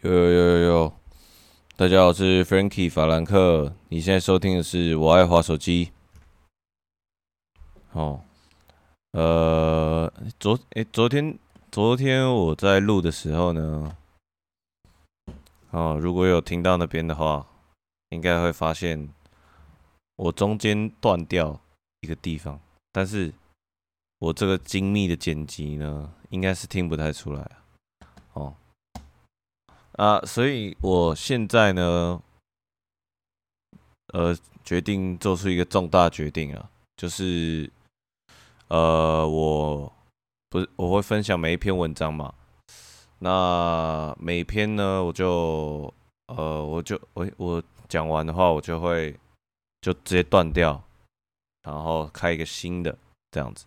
喲喲喲喲喲！大家好，我是 Frankie 法蘭克。你現在收聽的是我愛滑手機。哦，呃，昨誒、欸，昨天昨天我在錄的時候呢，哦，如果有聽到那邊的話，應該會發現我中間斷掉一個地方，但是我這個精密的剪輯呢，應該是聽不太出來。啊，所以我現在呢，呃，決定做出一個重大決定啊，就是，呃，我不是我會分享每一篇文章嘛，那每篇呢，我就，呃，我就、欸、我我講完的話，我就會就直接斷掉，然後開一個新的，這樣子，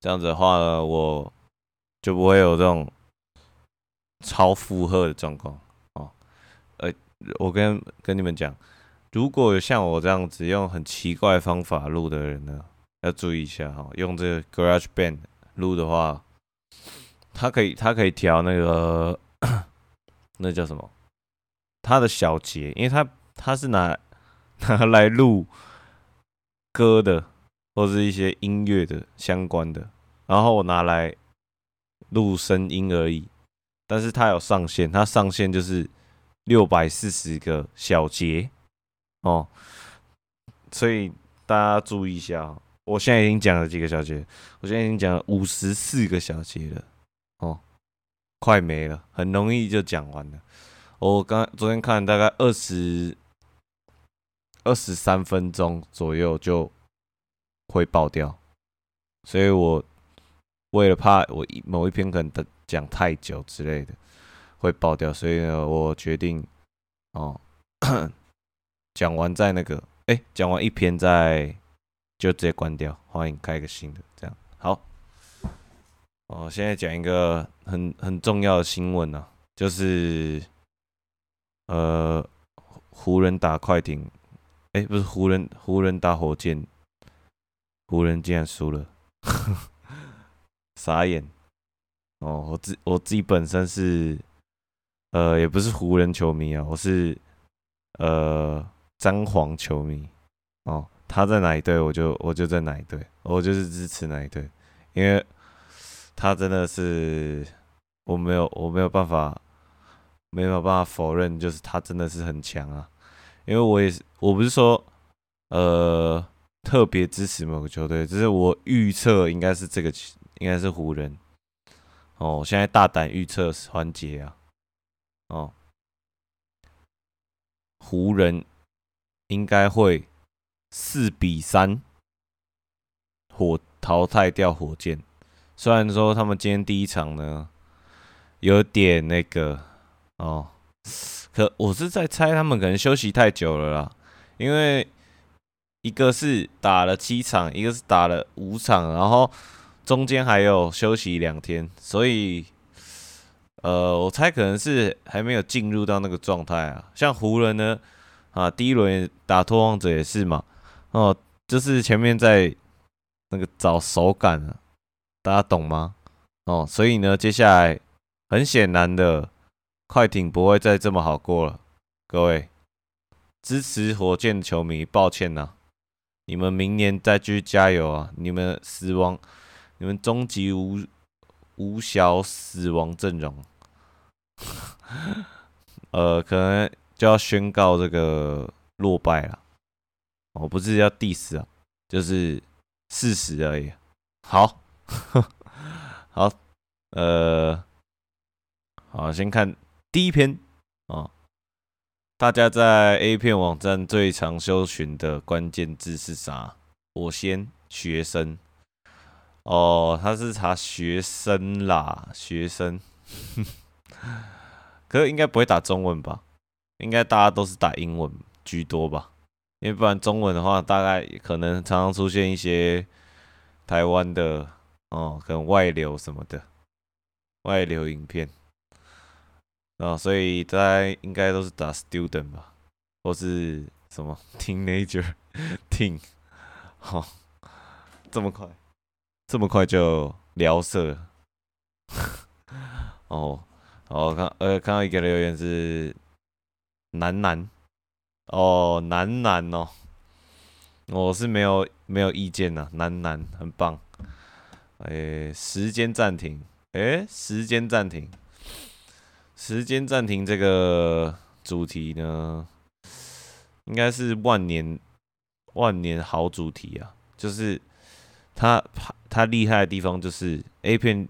這樣子的話呢，我就不會有這種。超負荷的狀況哦，呃、欸，我跟跟你們講，如果像我這樣子用很奇怪的方法錄的人呢，要注意一下哈、哦。用這個 Garage Band 錄的話，它可以它可以調那個那叫什麼？它的小節，因為它它是拿拿來錄歌的，或是一些音樂的相關的，然後我拿來錄聲音而已。但是它有上限，它上限就是六百四十個小節哦，所以大家注意一下哦。我現在已經講了幾個小節，我現在已經講了五十四個小節了哦，快沒了，很容易就講完了。哦、我剛昨天看了大概二十二十三分鐘左右就會爆掉，所以我。為了怕我一某一篇可能講太久之類的會爆掉，所以呢，我決定哦，講完再那個，哎、欸，講完一篇再就直接關掉，歡迎開個新的這樣。好，哦，現在講一個很很重要的新聞呢、啊，就是呃，湖人打快艇，誒、欸，不是湖人，湖人打火箭，湖人竟然輸了。呵呵傻眼哦！我自我自己本身是呃，也不是湖人球迷啊，我是呃詹皇球迷哦。他在哪一隊，我就我就在哪一隊，我就是支持哪一隊，因為他真的是，我沒有我沒有辦法沒有辦法否認，就是他真的是很強啊。因為我也是，我不是說呃特別支持某個球隊，只是我預測應該是這個。應該是湖人哦。我現在大膽預測環節啊，哦，湖人應該會四比三火淘汰掉火箭。雖然說他們今天第一場呢有點那個哦，可我是在猜他們可能休息太久了啦，因為一個是打了七場，一個是打了五場，然後。中間還有休息兩天，所以，呃，我猜可能是還沒有進入到那個狀態啊。像湖人呢，啊，第一輪打拓荒者也是嘛，哦、啊，就是前面在那個找手感、啊、大家懂嗎？哦、啊，所以呢，接下來很顯然的，快艇不會再這麼好過了。各位支持火箭球迷，抱歉吶、啊，你們明年再繼續加油啊！你們失望。你們終極無無小死亡陣容， 呃，可能就要宣告這個落敗了。我、哦、不是要 diss 啊，就是事實而已。好， 好，呃，好，先看第一篇啊、哦。大家在 A 片網站最常搜尋的關鍵字是啥？我先學生。哦，他是查學生啦，學生， 可是應該不會打中文吧？應該大家都是打英文居多吧？因為不然中文的話，大概可能常常出現一些台灣的哦，跟外流什麼的外流影片，哦，所以大家應該都是打 student 吧，或是什麼 teenager teen，好、哦，這麼快。這麼快就聊色了。 哦哦，看呃，看到一個留言是男男哦，男男哦，哦，我是沒有沒有意見啦，男男很棒。哎、欸，時間暫停，哎、欸，時間暫停，時間暫停這個主題呢，應該是萬年萬年好主題啊，就是他他。他厲害的地方就是 A 片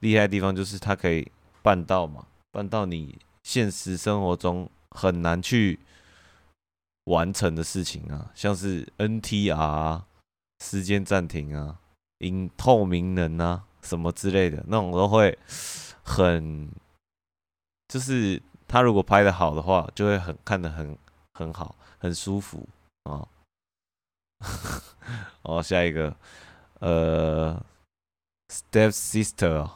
厲害的地方就是他可以辦到嘛，辦到你現實生活中很難去完成的事情啊，像是 NTR、啊、時間暫停啊、透明人啊、什麼之類的那種都會很，就是他如果拍的好的話，就會很看的很很好，很舒服啊。哦，好，下一個。呃，step sister，哦，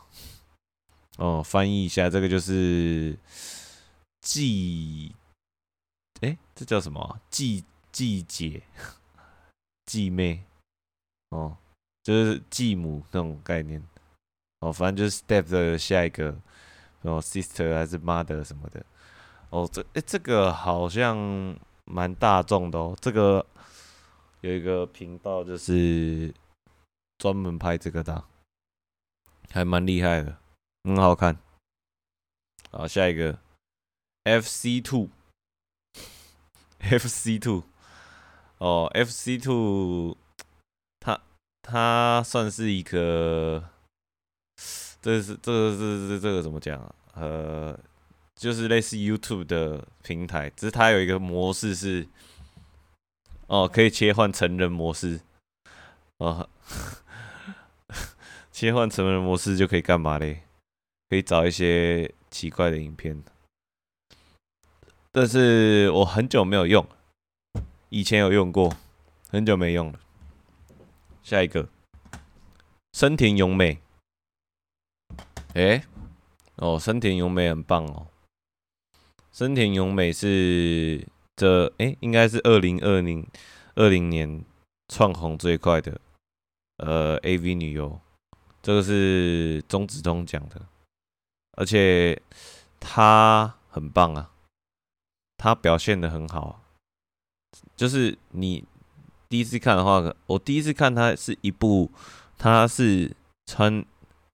哦，翻譯一下，這個就是繼，誒、欸，這叫什麼？繼繼姐、繼妹，哦，就是繼母那種概念。哦，反正就是 step 的下一個，然、哦、後 sister 還是 mother 什麼的。哦，這誒、欸，這個好像蠻大眾的哦。這個有一個頻道就是。專門拍這個檔，還蠻厲害的，很、嗯、好看。好，下一個，FC2，FC2，哦，FC2，它它算是一個，這是這是這這這個、這個這個、怎麼講、啊？呃，就是類似 YouTube 的平台，只是它有一個模式是，哦，可以切換成人模式，哦。 切換成人模式就可以幹嘛嘞？可以找一些奇怪的影片，但是我很久沒有用，以前有用過，很久沒用了。下一個，深田詠美。誒、欸、哦，深田詠美很棒哦。深田詠美是這誒、欸，應該是二零二零二零年竄紅最快的呃 AV 女優。這個是鍾子聰講的，而且他很棒啊，他表現得很好。就是你第一次看的話，我第一次看他是一部，他是穿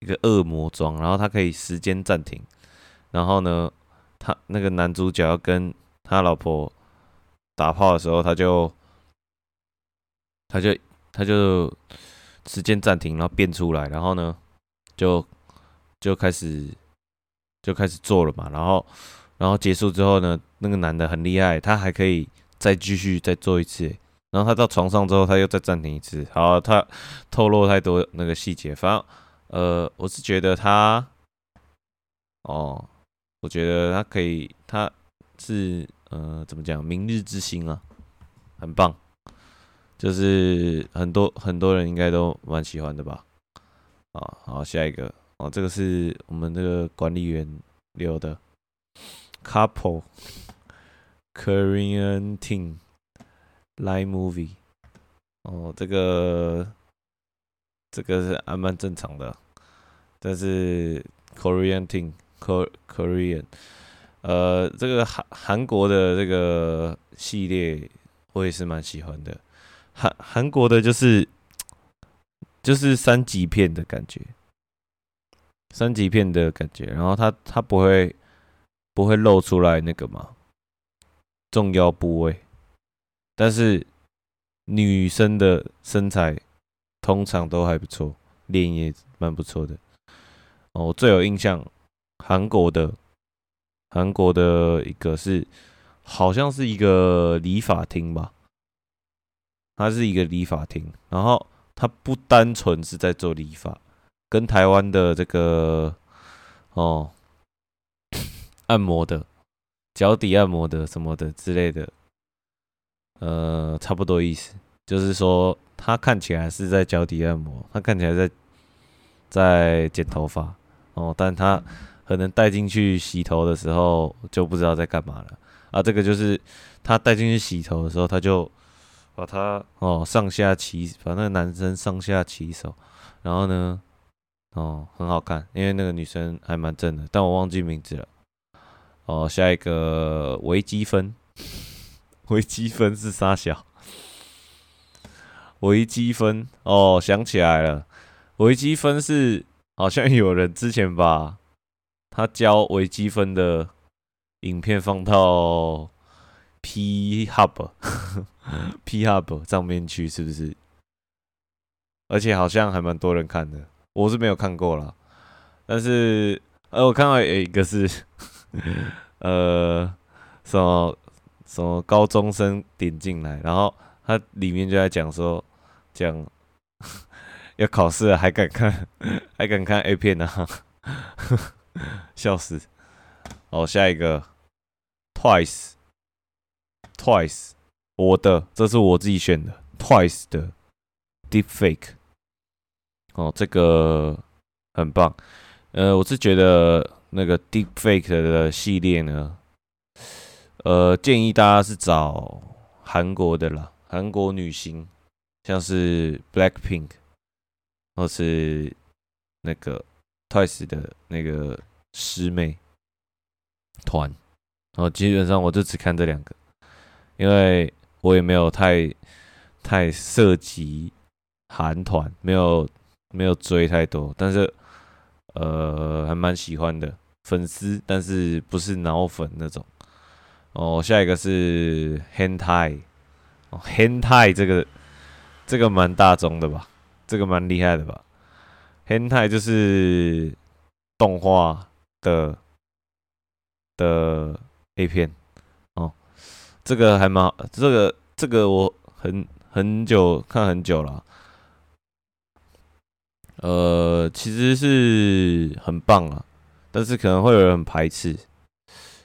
一個惡魔裝，然後他可以時間暫停。然後呢，他那個男主角要跟他老婆打炮的時候，他就，他就，他就。時間暫停，然後變出來，然後呢，就就開始就開始做了嘛。然後，然後結束之後呢，那個男的很厲害，他還可以再繼續再做一次。然後他到床上之後，他又再暫停一次。好，他透露太多那個細節，反正呃，我是覺得他，哦，我覺得他可以，他是呃，怎麼講，明日之星啊，很棒。就是很多很多人應該都蠻喜歡的吧？啊，好，下一個哦、啊，這個是我們這個管理員留的，couple Korean team live movie。哦、啊，這個這個是還蠻正常的，但是 Korean team K Korean，呃，這個韓韓國的這個系列我也是蠻喜歡的。韓韓國的，就是就是三級片的感覺，三級片的感覺。然後他他不會不會露出來那個嘛重要部位，但是女生的身材通常都還不錯，臉也蠻不錯的。我最有印象，韓國的韓國的一個是，好像是一個理髮廳吧。它是一個理髮廳，然後它不單純是在做理髮，跟台灣的這個哦按摩的、腳底按摩的什麼的之類的，呃，差不多意思。就是說，它看起來是在腳底按摩，它看起來在在剪頭髮哦，但它可能帶進去洗頭的時候就不知道在幹嘛了啊。這個就是他帶進去洗頭的時候，他就。把他哦，上下其把那個男生上下其手，然後呢，哦，很好看，因為那個女生還蠻正的，但我忘記名字了。哦，下一個微積分。微積分是殺小？微積分哦，想起來了，微積分是好像有人之前把他教微積分的影片放到 P Hub 呵呵。P Hub 上面去是不是？而且好像還蠻多人看的，我是沒有看過啦。但是，呃，我看到有一個是，呃，什麼什麼高中生點進來，然後他裡面就在講說，講要考試了還敢看，還敢看 A 片呢，啊，笑死！好，下一個 Twice，Twice twice。我的，這是我自己選的 Twice 的 Deepfake 哦，這個很棒。呃，我是覺得那個 Deepfake 的系列呢，呃，建議大家是找韓國的啦，韓國女星，像是 Blackpink，或是那個 Twice 的那個師妹團，然後，哦，基本上我就只看這兩個，因為。我也沒有太太涉及韓團，沒有沒有追太多，但是呃還蠻喜歡的粉絲，但是不是腦粉那種哦。下一個是 Hentai 哦，Hentai 這個這個蠻大眾的吧，這個蠻厲害的吧？Hentai 就是動畫的的 A 片。這個還蠻，這個這個我很很久看很久了，啊，呃，其實是很棒啊，但是可能會有人很排斥，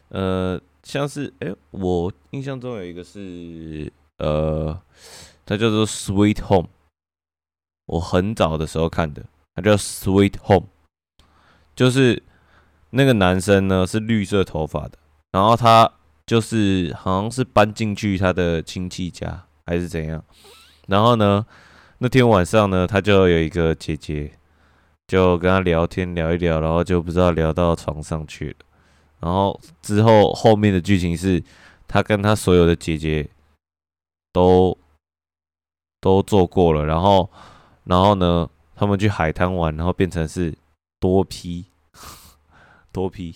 呃，像是哎，我印象中有一個是呃，它叫做《Sweet Home》，我很早的時候看的，它叫《Sweet Home》，就是那個男生呢是綠色頭髮的，然後他。就是好像是搬進去他的親戚家還是怎樣，然後呢，那天晚上呢，他就有一個姐姐就跟他聊天聊一聊，然後就不知道聊到床上去了。然後之後後面的劇情是，他跟他所有的姐姐都都做過了，然後然後呢，他們去海灘玩，然後變成是多 P 多 P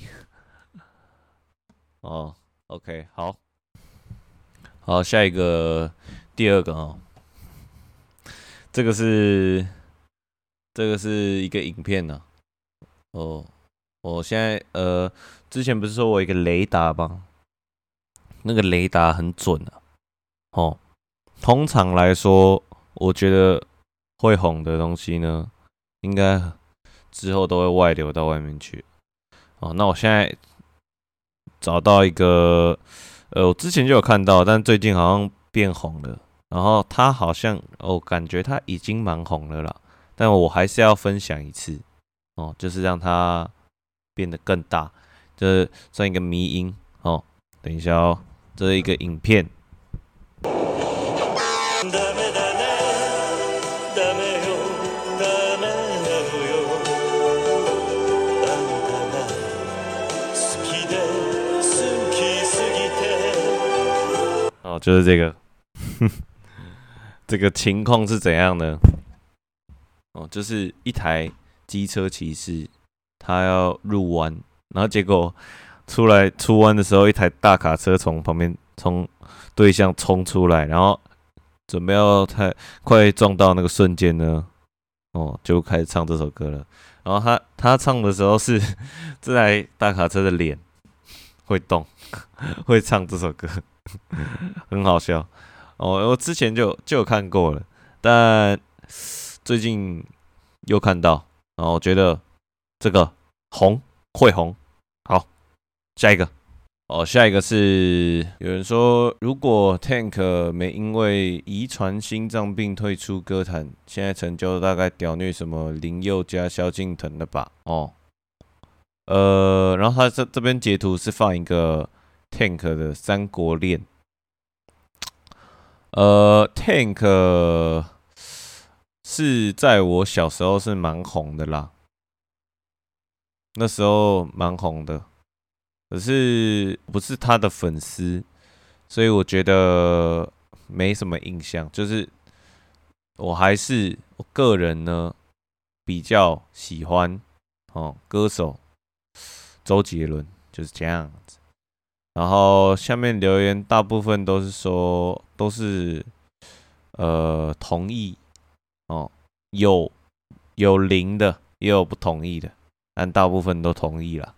哦。OK，好，好，下一個，第二個啊、哦，這個是，這個是一個影片呢、啊。哦，我現在呃，之前不是說我有一個雷達吧？那個雷達很準啊。哦，通常來說，我覺得會紅的東西呢，應該之後都會外流到外面去。哦，那我現在。找到一個，呃，我之前就有看到，但最近好像變紅了。然後他好像，哦，感覺他已經蠻紅了啦。但我還是要分享一次，哦，就是讓他變得更大，這算一個迷因，哦。等一下哦，這一個影片。就是這個， 這個情況是怎樣呢？哦，就是一台機車騎士，他要入彎，然後結果出來出彎的時候，一台大卡車從旁邊從對向衝出來，然後準備要太快撞到那個瞬間呢，哦，就開始唱這首歌了。然後他他唱的時候是這台大卡車的臉會動，會唱這首歌。 很好笑哦，我之前就就有看過了，但最近又看到，然後我覺得這個紅會紅。好，下一個哦，下一個是有人說，如果 Tank 沒因為遺傳心臟病退出歌壇，現在成就大概屌虐什麼林宥嘉、蕭敬騰的吧？哦，呃，然後他這這邊截圖是放一個。Tank 的《三國戀》，呃，Tank 是在我小時候是蠻紅的啦，那時候蠻紅的，可是不是他的粉絲，所以我覺得沒什麼印象。就是我還是我個人呢，比較喜歡哦，歌手周杰倫，就是這樣子。然後下面留言大部分都是說都是，呃，同意哦，有有零的，也有不同意的，但大部分都同意啦。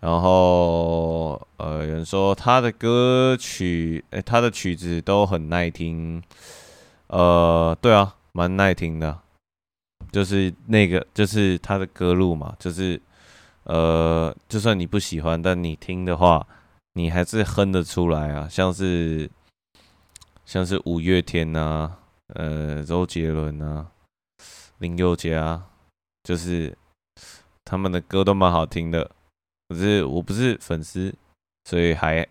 然後呃，有人說他的歌曲，哎，他的曲子都很耐聽，呃，對啊，蠻耐聽的，就是那個，就是他的歌路嘛，就是呃，就算你不喜歡，但你聽的話。你還是哼得出來啊，像是像是五月天啊，呃，周杰倫啊，林宥嘉啊，就是他們的歌都蠻好聽的。可是我不是粉絲，所以還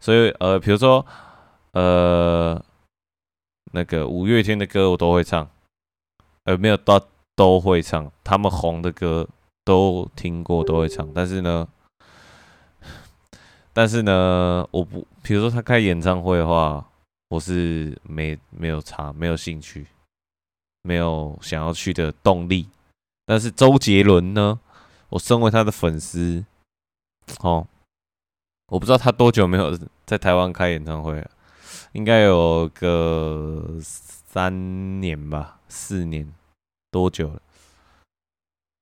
所以呃，比如說呃，那個五月天的歌我都會唱，呃，沒有都都會唱，他們紅的歌都聽過，都會唱。但是呢。但是呢，我不，比如說他開演唱會的話，我是沒沒有查，沒有興趣，沒有想要去的動力。但是周杰倫呢，我身為他的粉絲，哦，我不知道他多久沒有在台灣開演唱會了，應該有個三年吧，四年，多久了？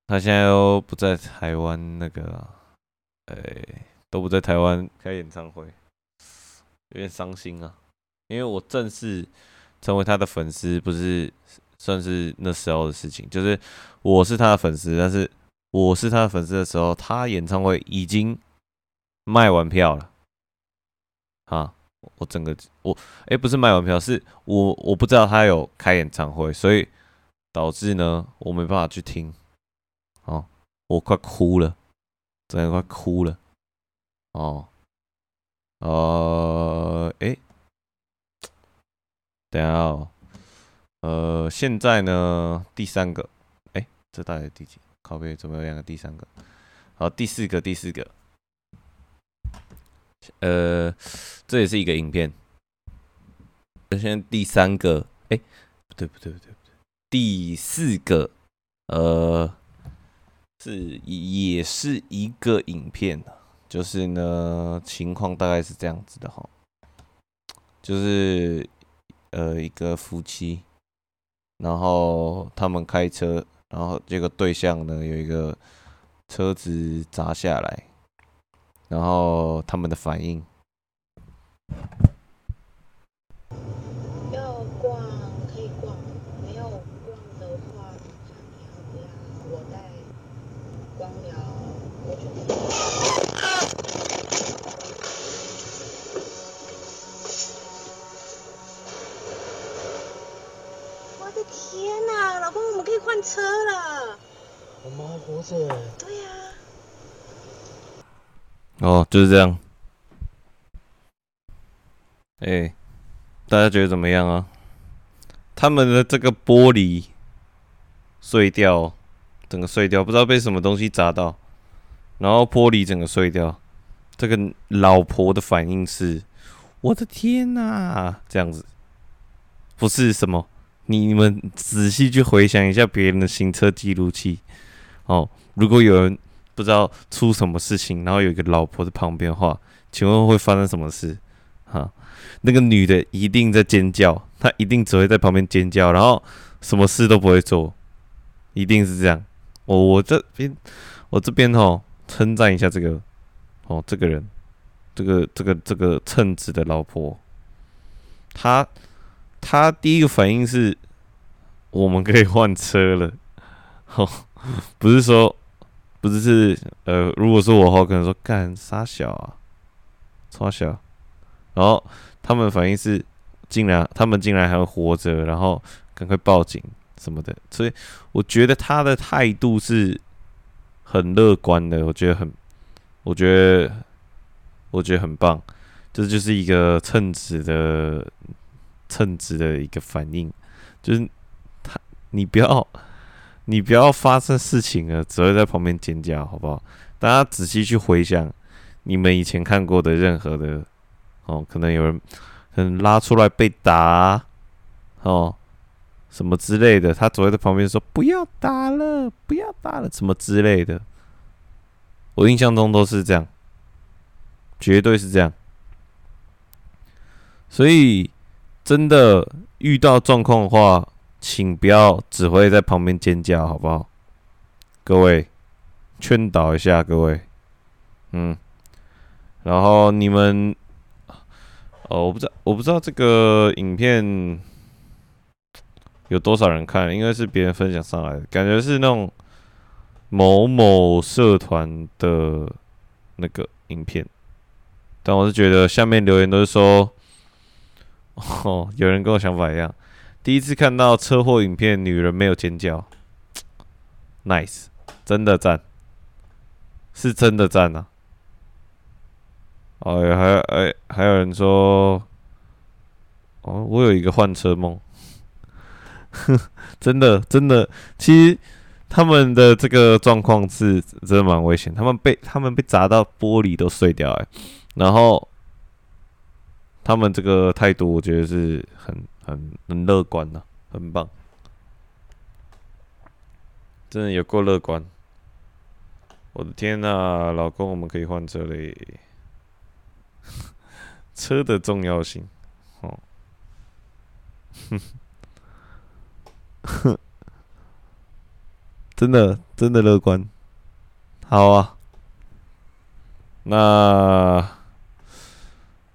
他現在又不在台灣那個、啊，哎、欸。都不在台灣開演唱會，有點傷心啊！因為我正式成為他的粉絲，不是算是那時候的事情，就是我是他的粉絲，但是我是他的粉絲的時候，他演唱會已經賣完票了啊！我整個我哎、欸，不是賣完票，是我我不知道他有開演唱會，所以導致呢，我沒辦法去聽，哦，我快哭了，真的快哭了。哦，呃，哎，等一下，哦，呃，現在呢，第三個，哎，這大概第幾？靠北怎麼有兩個，第三個，好，第四個，第四個，呃，這也是一個影片。首先第三個，哎，不對不對不對不對，第四個，呃，是也是一個影片呢。就是呢，情況大概是這樣子的哈，就是呃，一個夫妻，然後他們開車，然後這個對象呢，有一個車子砸下來，然後他們的反應。車了，我媽活着。對呀、啊。哦，就是這樣。哎、欸，大家覺得怎麼樣啊？他們的這個玻璃碎掉，整個碎掉，不知道被什麼東西砸到，然後玻璃整個碎掉。這個老婆的反應是：我的天哪、啊！這樣子，不是什麼。你，你們仔細去回想一下別人的行車記錄器，哦，如果有人不知道出什麼事情，然後有一個老婆在旁邊的話，請問會發生什麼事？哈、啊，那個女的一定在尖叫，她一定只會在旁邊尖叫，然後什麼事都不會做，一定是這樣。我、哦、我這邊我這邊哦，稱讚一下這個哦，這個人，這個這個這個稱職的老婆，她。他第一個反應是，我們可以換車了。吼， 不是說，不是是呃，如果是我，我可能說幹啥小啊，啥小。然後他們反應是，竟然他們竟然還活着，然後趕快報警什麼的。所以我覺得他的態度是很樂觀的，我覺得很，我覺得，我覺得很棒。這就是一個稱職的。稱職的一個反應，就是他，你不要，你不要發生事情了，只會在旁邊尖叫，好不好？大家仔細去回想，你們以前看過的任何的哦，可能有人，可能拉出來被打，哦，什麼之類的，他只會在旁邊說“不要打了，不要打了”什麼之類的。我印象中都是這樣，絕對是這樣，所以。真的遇到狀況的話，請不要只會在旁邊尖叫，好不好？各位，勸導一下各位。嗯，然後你們，哦，我不知道，我不知道這個影片有多少人看，應該是別人分享上來的，感覺是那種某某社團的那個影片，但我是覺得下面留言都是說。哦，有人跟我想法一樣。第一次看到車禍影片，女人沒有尖叫，nice，真的讚，是真的讚吶、啊。哦、哎，還還哎還有人說，哦，我有一個換車夢。真的真的，其實他們的這個狀況是真的蠻危險，他們被他們被砸到玻璃都碎掉哎、欸，然後。他們這個態度，我覺得是很、很、很樂觀的、啊，很棒，真的有夠樂觀。我的天吶、啊，老公，我們可以換車嘞！車的重要性，哦， 真的真的樂觀，好啊，那。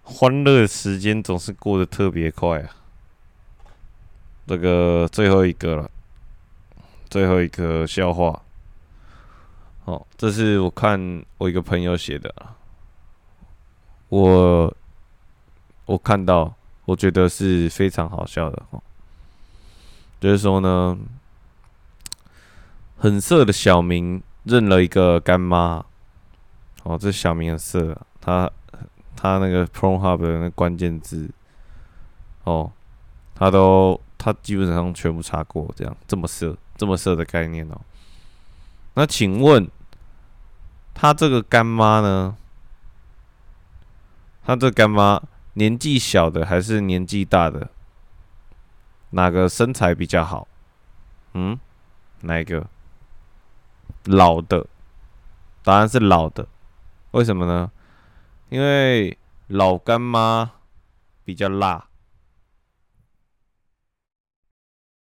歡樂時間總是過得特別快啊！這個最後一個了，最後一個笑話。哦，這是我看我一個朋友寫的，我我看到，我覺得是非常好笑的哦。就是說呢，很色的小明認了一個乾媽。哦，這小明很色，他。他那個 Pornhub 的那個關鍵字，哦，他都他基本上全部查過，這樣這麼色這麼色的概念哦。那請問他這個乾媽呢？他這乾媽年紀小的還是年紀大的？哪個身材比較好？嗯，哪一個？老的，答案是老的。為什麼呢？因為老乾媽比較辣。